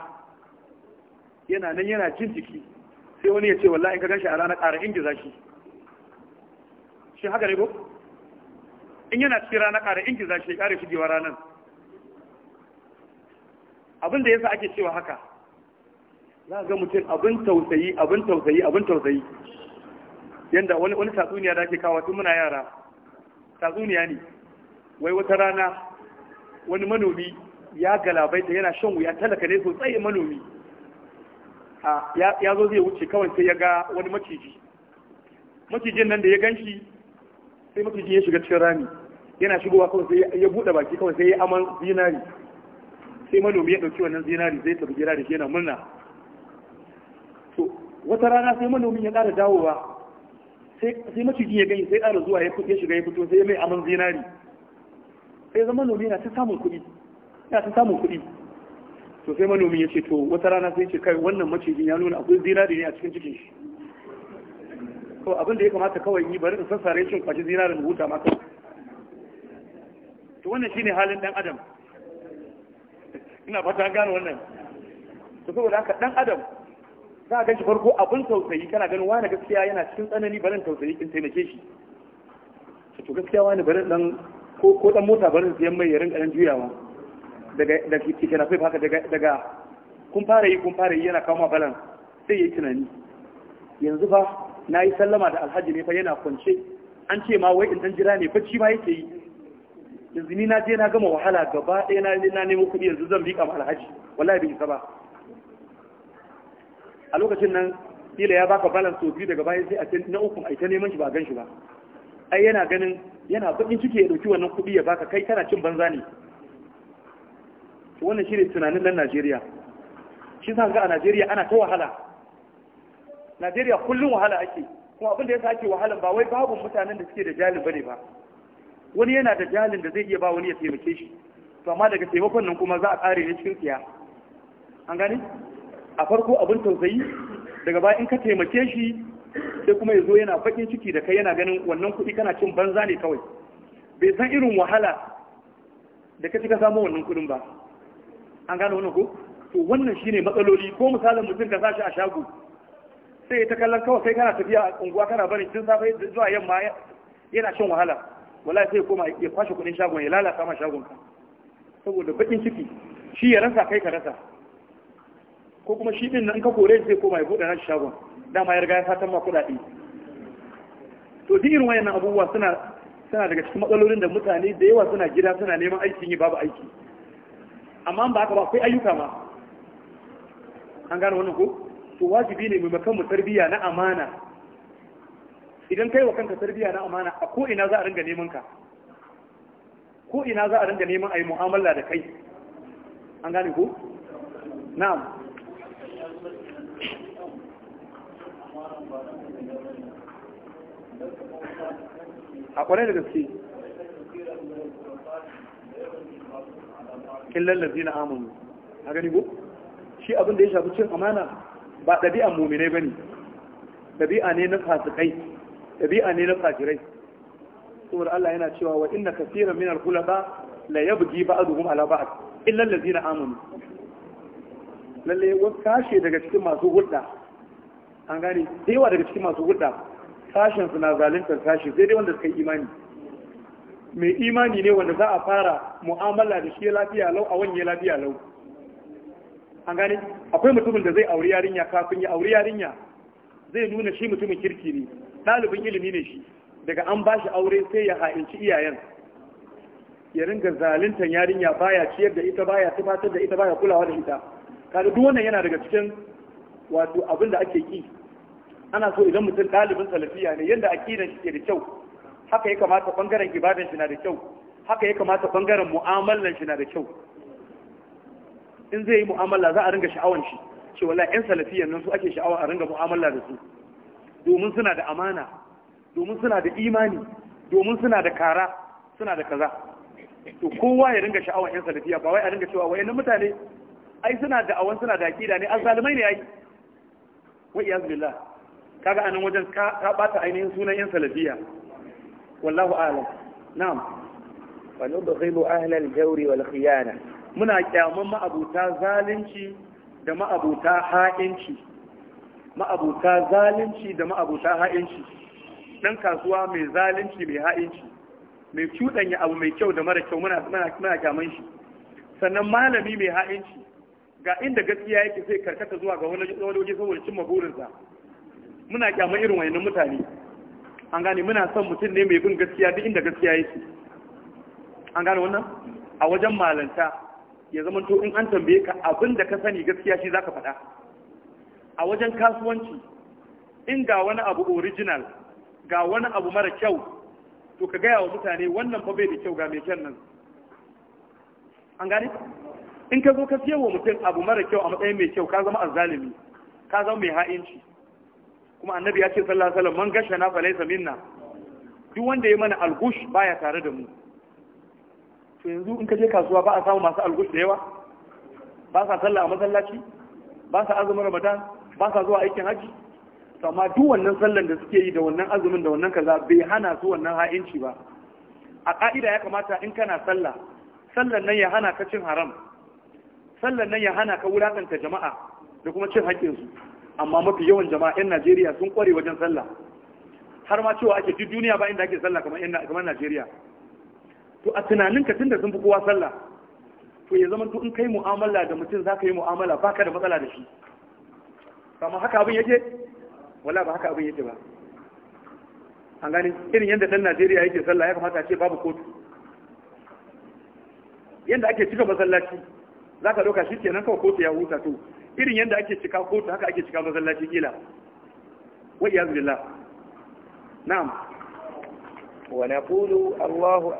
A: yana nan yana jin jiki sai wani ya ce wallahi in ka ganshi a rana ƙara ingiza shi shi haka ne ko in yana cikin rana ƙara ingiza shi ƙara shigewa ranar abin da yasa ake cewa haka za ga mutum abin tausayi abin tausayi abin tausayi yanda wani wani tatsuniya da ake kawo tun muna yara tatsuniya ne wai wata rana wani manomi ya galabaita yana shan wuya talaka ne sosai manomi ya zo zai wuce kawai sai ya ga wani maciji macijin nan da ya gan shi sai macijin ya shiga cikin rami yana shigowa kawai sai ya buɗe baki kawai sai ya aman zinari sai manomi ya ɗauki wannan zinari zai tafi gida da shi yana murna to wata rana sai manomin ya ƙara dawowa sai macijin ya gani sai ƙara zuwa ya shiga ya fito sai ya mai aman zinari sai zama manomi yana ta samun kuɗi yana ta samun kuɗi to sai manomin ya ce to wata rana sai ce kai wannan macijin ya nuna akwai zinari ne a cikin cikin shi to abin da ya kamata kawai yi bari in sassare shi kwaji zinarin huta maka to wannan shine halin dan adam ina fata gano wannan to saboda haka dan adam za ka shi farko abin tausayi kana ganin wani gaskiya yana cikin tsanani barin tausayi kin taimake shi to gaskiya wani barin dan ko ko dan mota barin sai mai ya rinka dan juyawa daga da kike na haka daga daga kun fara yi kun fara yi yana kawo balan sai yi tunani yanzu fa na yi sallama da alhaji ne fa yana kwance an ce ma wai in dan jira ne fa ci ma yake yi yanzu ni na je na gama wahala gaba ɗaya na nemo kuɗi yanzu zan bi kama alhaji wallahi bai isa ba a lokacin nan kila ya baka balance sau biyu daga bayan sai a na uku a ita neman shi ba gan shi ba ai yana ganin yana bakin ciki ya dauki wannan kuɗi ya baka kai kana cin banza ne wannan shine tunanin nan Najeriya shi sa ga a Najeriya ana ta wahala Najeriya kullum wahala ake kuma abin da yasa ake wahala ba wai babu mutanen da suke da jalin bane ba wani yana da jalin da zai iya ba wani ya taimake shi to amma daga taimakon nan kuma za a ƙare ne cikin siya an gane a farko abin tausayi daga baya in ka taimake shi sai kuma ya zo yana bakin ciki da kai yana ganin wannan kuɗi kana cin banza ne kawai bai san irin wahala da ka ka samu wannan kuɗin ba an gane wannan ko to wannan shine matsaloli ko misalin mutum ka sashi a shago sai ta kallon kawai kai kana tafiya a unguwa kana barin tun safe zuwa yamma yana shan wahala wala sai kuma ya kwashe kudin shagon ya lalata ma shagon ka saboda bakin ciki shi ya rasa kai ka rasa ko kuma shi din nan ka kore sai kuma ya bude nashi shagon dama ya riga ya fatan ma kudade to duk irin wayannan abubuwa suna suna daga cikin matsalolin da mutane da yawa suna gida suna neman aikin yi babu aiki amma ba haka ba akwai ayyuka ma an gane wannan ko to wajibi ne mu makan mu tarbiyya na amana idan kai wa kanka tarbiya na amana a ko ina za a ringa neman ka ko ina za a ringa neman a yi mu'amala da kai an gane ko na'am
B: a kwarai da gaske
A: killar lafi na amonu a gani ko shi abin da ya shafi cin amana ba ɗabi'an mummunai ba ne ɗabi'a ne na fasikai ɗabi'a ne na fajirai saboda Allah yana cewa wa inna kaseeran min al khulafa la yabghi ba'dhum ala ba'd illa allazina amanu lalle wasu kashe daga cikin masu hulɗa an gane da yawa daga cikin masu hulɗa sashen suna zaluntar sashi sai dai wanda suka yi imani mai imani ne wanda za a fara mu'amala da shi lafiya lau a wanye lafiya lau an gane akwai mutumin da zai auri yarinya kafin ya auri yarinya zai nuna shi mutumin kirki ne ɗalibin ilimi ne shi daga an ba shi aure sai ya ha'inci iyayen ya ringa zaluntar yarinya baya ciyar da ita baya tufatar da ita baya kulawa da ita kada duk wannan yana daga cikin wato abin da ake ki ana so idan mutum ɗalibin salafiya ne yadda aƙidan shi ke da kyau haka ya kamata ɓangaren ibadan shi na da kyau haka ya kamata ɓangaren mu'amalan shi na da kyau in zai yi mu'amala za a ringa sha'awan shi ce wallahi 'yan salafiyan nan su ake sha'awa a ringa mu'amala da su domin suna da amana domin suna da imani domin suna da kara suna da kaza to kowa ya ringa sha'awar yan salafiya ba wai a ringa cewa wayannan mutane ai suna da awan suna da akida ne azzalimai ne ai wa iyaz billah kaga anan wajen ka ka bata ainihin sunan yan salafiya wallahu a'lam na'am wa nudkhilu ahla al-jawri wal khiyana muna kyaman ma'abuta zalunci da ma'abuta ha'inci ma'abuta zalunci da ma'abuta ha'inci dan kasuwa mai zalunci mai ha'inci mai cuɗanya abu mai kyau da mara kyau muna muna kyaman shi sannan malami mai ha'inci ga inda gaskiya yake sai karkata zuwa ga wani waje saboda cimma maburinsa muna kyaman irin wayannan mutane an gane muna son mutum ne mai bin gaskiya duk inda gaskiya yake an gane wannan a wajen malanta ya zama to in an tambaye ka abin da ka sani gaskiya shi zaka faɗa a wajen kasuwanci in ga wani abu original ga wani abu mara kyau to ka gaya wa mutane wannan fa bai da kyau ga mai kyan nan an gane in ka zo ka siya wa mutum abu mara kyau a matsayin mai kyau ka zama azzalimi ka zama mai ha'inci kuma annabi ya ce sallallahu alaihi wasallam man gasha na falaisa minna duk wanda ya mana algush baya tare da mu to yanzu in ka je kasuwa ba a samu masu algush da yawa ba sa sallah a masallaci ba sa azumin ramadan ba sa zuwa aikin haji to amma duk wannan sallan da suke yi da wannan azumin da wannan kaza bai hana su wannan ha'inci ba a ka'ida ya kamata in kana sallah sallan nan ya hana ka cin haram sallan nan ya hana ka wulakanta jama'a da kuma cin haƙƙinsu amma mafi yawan jama'a 'yan Najeriya sun kware wajen sallah har ma cewa ake duk duniya ba inda ake sallah kamar kamar Najeriya to a tunanin ka tunda sun fi kowa sallah to ya zama to in kai mu'amala da mutum zaka yi mu'amala baka da matsala da shi kama haka abin yake wala ba haka abin yake ba an gani irin yadda dan Najeriya yake sallah ya kamata a ce babu kotu yadda ake cika masallaci za ka ɗauka shi ke nan kawai kotu ya huta to irin yadda ake cika kotu haka ake cika masallaci kila Wai ya billah na'am wa naqulu Allahu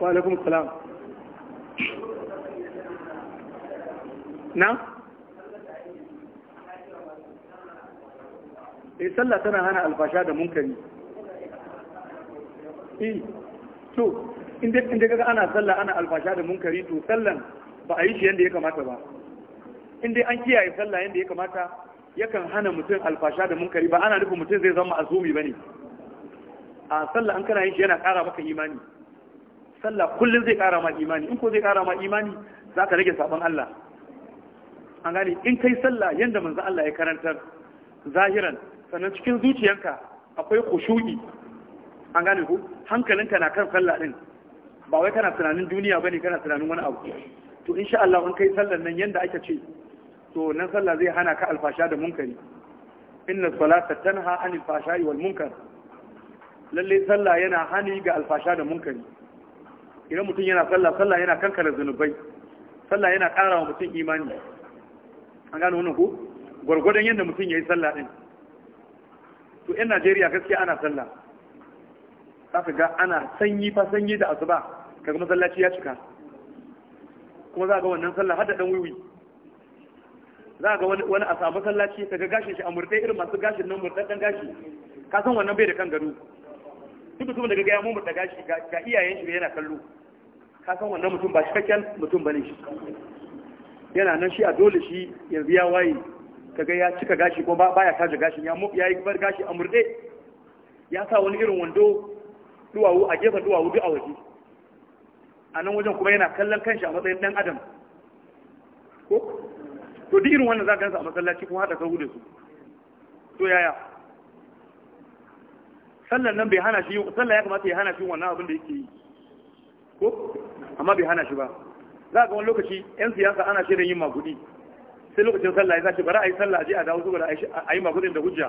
C: wa alaikum salam na
A: eh sallah tana hana alfasha da munkari eh to inda inda kaga ana sallah ana alfasha da munkari to sallan ba a yi shi yanda ya kamata ba inda an kiyaye sallah yanda ya kamata yakan hana mutum alfasha da munkari ba ana nufin mutum zai zama azumi bane a sallah an kana yin shi yana ƙara maka imani sallah kullum zai ƙara ma imani in ko zai ƙara ma imani za ka rage sabon Allah an gane in kai sallah yanda manzo Allah ya karantar zahiran sannan cikin zuciyanka akwai kushu'i an gane ku hankalinka na kan sallah din ba wai kana tunanin duniya ba ne kana tunanin wani abu to insha Allah in kai sallar nan yanda ake ce to nan sallah zai hana ka alfasha da munkari inna salata tanha anil fashai wal munkar lalle sallah yana hani ga alfasha da munkari idan mutum yana sallah sallah yana kankara zunubai sallah yana ƙara wa mutum imani an gane wannan ko gwargwadon yadda mutum ya yi sallah ɗin to yan najeriya gaskiya ana sallah za ka ga ana sanyi fa sanyi da asuba kaga masallaci ya cika kuma za ga wannan sallah hada dan wiwi za ga wani a samu masallaci kaga gashin shi a murtai irin masu gashin nan dan gashi ka san wannan bai da kan gado duk mutum da ga ya mumurta gashi ga iyayen shi yana kallo ka san wannan mutum ba cikakken mutum bane shi yana nan shi a dole shi yanzu ya waye kaga ya cika gashi ko baya taje gashin ya ya yi bar gashi a murde ya sa wani irin wando duwawu a gefen duwawu duk a waje a nan wajen kuma yana kallon kanshi a matsayin dan adam ko to duk irin wannan za ka gansa a masallaci kuma haɗa sahu da su to yaya sallan nan bai hana shi sallan ya kamata ya hana shi wannan abin da yake yi ko amma bai hana shi ba za ga wani lokaci 'yan siyasa ana shirin yin maguɗi. sai lokacin sallah ya sace bari a yi sallah je a dawo saboda a yi magudin da hujja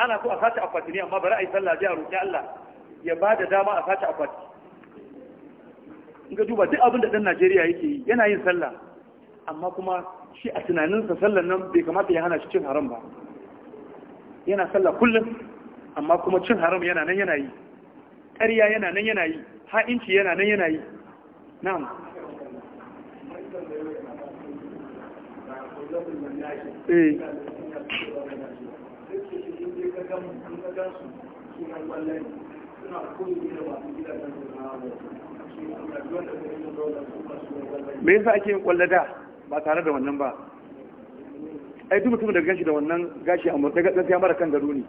A: ana so a sace akwati ne amma bari a yi sallah je a roƙi Allah ya ba da dama a sace akwati in ka duba duk abin da ɗan Najeriya yake yi yana yin sallah amma kuma shi a tunaninsa sallan nan bai kamata ya hana shi cin haram ba yana sallah kullum amma kuma cin haram yana nan yana yi ƙarya yana nan yana yi ha'inci yana nan yana yi na'am
B: Eh. me yasa
A: ake yin kwallo da ba tare da wannan ba ai duk mutum da gashi da wannan gashi a mutum ga ya mara kan gado ne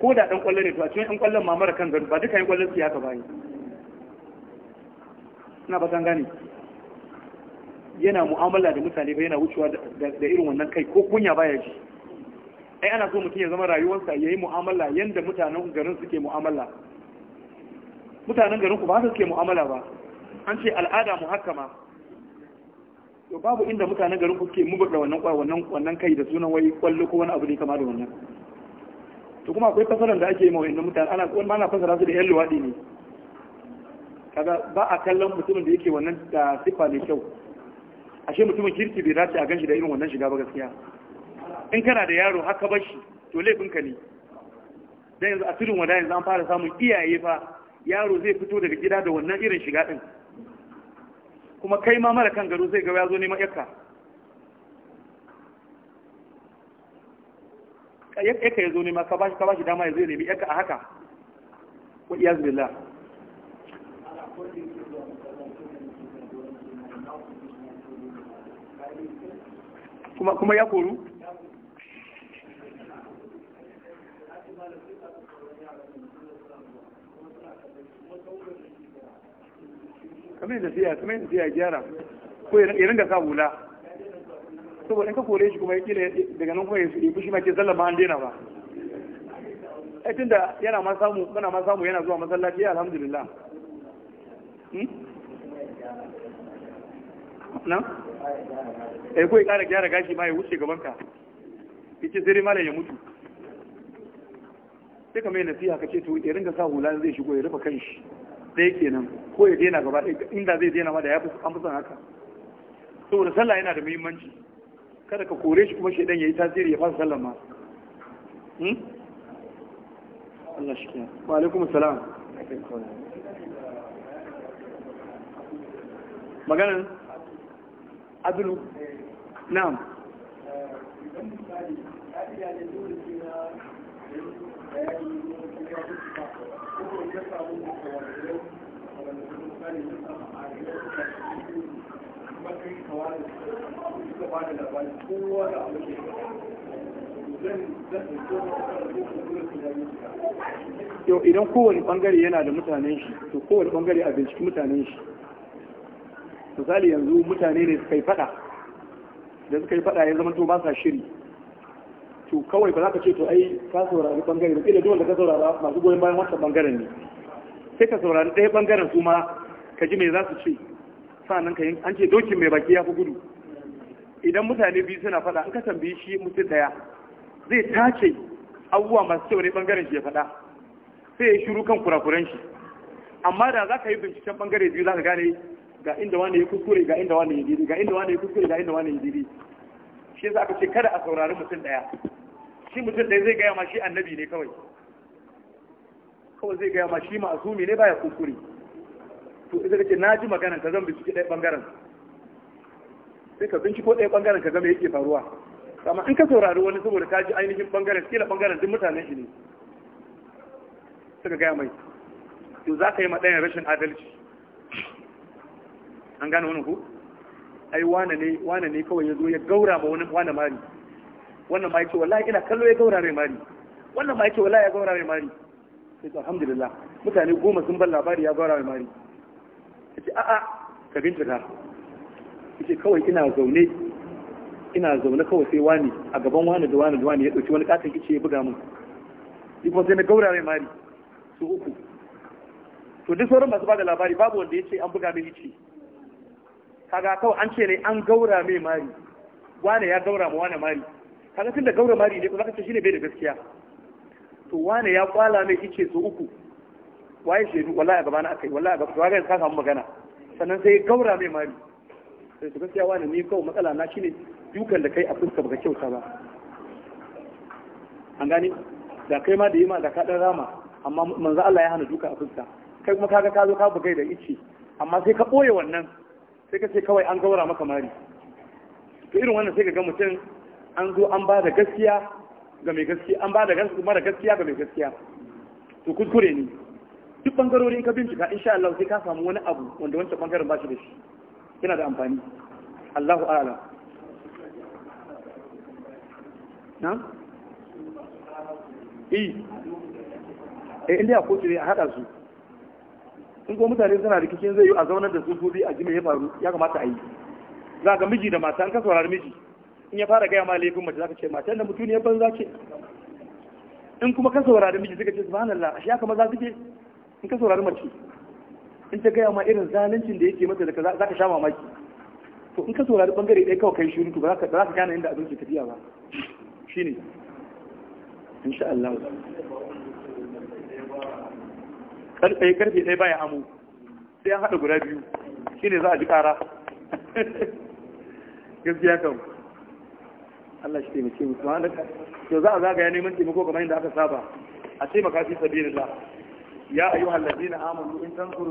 A: ko da dan kwallo ne to a cikin yan kwallon ma mara kan gado ba duka yan kwallon su ya ka ba ne ba san gane yana mu'amala da mutane ba yana wucewa da irin wannan kai ko kunya baya ji ai ana so mutum ya zama rayuwarsa yayi mu'amala yanda mutanen garin suke mu'amala mutanen garin ku ba su suke mu'amala ba an ce al'ada muhakkama to babu inda mutanen garin ku suke mubuɗa wannan wannan wannan kai da sunan wai kwallo ko wani abu ne kama da wannan to kuma akwai fasaran da ake yi ma wanda mutane ana kuma ana fasara su da yan luwaɗi ne kaga ba a kallon mutumin da yake wannan da sifa ne kyau ashe mutumin kirki bai dace a ganshi da irin wannan shiga ba gaskiya in kana da yaro haka bar shi to laifin ka ne dan yanzu a tudun wada yanzu an fara samun iyaye fa yaro zai fito daga gida da wannan irin shiga din kuma kai ma mara kan garo zai ga ya zo neman yakka yakka ya zo neman ka bashi ka bashi dama ya zo nemi yakka a haka wa iyaz billah kuma ya koru kamar yadda siya kamar yadda siya gyara ko ya ringa sa hula saboda in ka kore shi kuma ya kila daga nan kuma ya fushi ma mace zalla ma an dena ba ai tunda yana ma samu yana zuwa masallaci alhamdulillah hmm?
B: na? eh
A: ko ya kara gyara gashi ma ya wuce gabanka yace sai malam ya mutu sai ka mai nasiha ka ce to ya ringa sa hula zai shigo ya rufe kanshi yake nan, ko ya daina gaba ɗaya inda zai daina ma da ya fi an fi son haka saboda sallah yana da muhimmanci kada ka kore shi kuma shaidan ya yi tasiri ya fasa sallah ma hmm? Allah shi kiyan wa alaikum salam أبلو نعم yau idan kowane bangare yana da mutanen shi to kowane bangare a binciki mutanen shi misali yanzu mutane ne suka yi fada da suka yi fada ya zama to ba sa shiri to kawai ba za ka ce to ai ka saurari bangare da kila dole ka saurara masu goyon bayan wata bangaren ne sai ka saurari ɗaya bangaren su ma ka ji me za su ce nan ka yi an ce dokin mai baki ya fi gudu idan mutane biyu suna fada an ka tambayi shi mutum ɗaya zai tace abubuwa masu kyau ne bangaren shi ya fada sai ya shiru kan kurakuran shi amma da za ka yi binciken bangare biyu za ka gane ga inda wani ya kuskure ga inda wani ya didi ga inda wani ya kuskure ga inda wani ya didi shi yasa aka ce kada a saurari mutum daya shi mutum daya zai gaya ma shi annabi ne kawai kawai zai gaya ma shi ma'asumi ne baya kuskure to idan kace na ji magana ka zan bincike ɗaya bangaren sai ka ko ɗaya bangaren ka ga me yake faruwa amma in ka saurari wani saboda ka ji ainihin bangaren kila bangaren duk mutanen shi ne suka gaya mai to za ka yi ma ɗayan rashin adalci an gane wani ku ai wane ne wane ne kawai ya zo ya gaura ma wani wane mari wannan ma yake wallahi ina kallo ya gaura mai mari wannan ma yake wallahi ya gaura mai mari sai alhamdulillah mutane goma sun bar labari ya gaura mai mari yace a'a ka bincika yace kawai ina zaune ina zaune kawai sai wani a gaban wani da wani da wani ya dauki wani katin kici ya buga min ni kuma sai na gaura mai mari su uku to duk sauran masu bada labari babu wanda ya ce an buga mai kici kaga kawai an ce ne an gaura mai mari wane ya gaura ma wane mari kaga tun da gaura mari ne kuma kace shine bai da gaskiya to wane ya kwala mai ice so uku waye shedu wallahi gaba na akai wallahi gaba to ga ka samu magana sannan sai gaura mai mari sai eh, to gaskiya wane ni kawai matsala na shine dukan da kai a fuska baka kyauta ba an gani da kai ma da yi ma da ka dan rama amma manzo Allah ya hana duka a fuska kai kuma kaga ka zo ka bugai da ice amma sai ka boye wannan sai ka ce kawai an gaura maka mari to irin wannan sai ka ga mutum an zo an ba da gaskiya ga mai gaskiya an ba da gaskiya mara gaskiya ga mai gaskiya to kuskure ne duk bangarorin ka bincika insha Allah sai ka samu wani abu wanda wancan bangaren ba shi da shi yana da amfani Allahu a'lam na eh eh inda ya a hada su in ko mutane suna rikicin zai yi a zaunar da su gobe a jima'i ya faru ya kamata a yi za ga miji da mata an ka saurari miji in ya fara gaya ma laifin mace za ka ce matan da mutum mutuniyar banza ce in kuma ka saurari miji suka ce subhanallah ashe za su ke. in ka saurari mace in ta gaya ma irin zaluncin da yake mata da za ka sha mamaki to in ka saurari bangare ɗaya kawai kai shiru to ba za ka gane inda abin ke tafiya ba shine insha Allah karfe karfe ɗaya baya amu sai an haɗa guda biyu shine za a ji ƙara gaskiya kan Allah shi taimake mu kuma to za a zagaya neman taimako kamar yadda aka saba a taimaka fi sabilillah ya ayyuhal ladina amanu in tansuru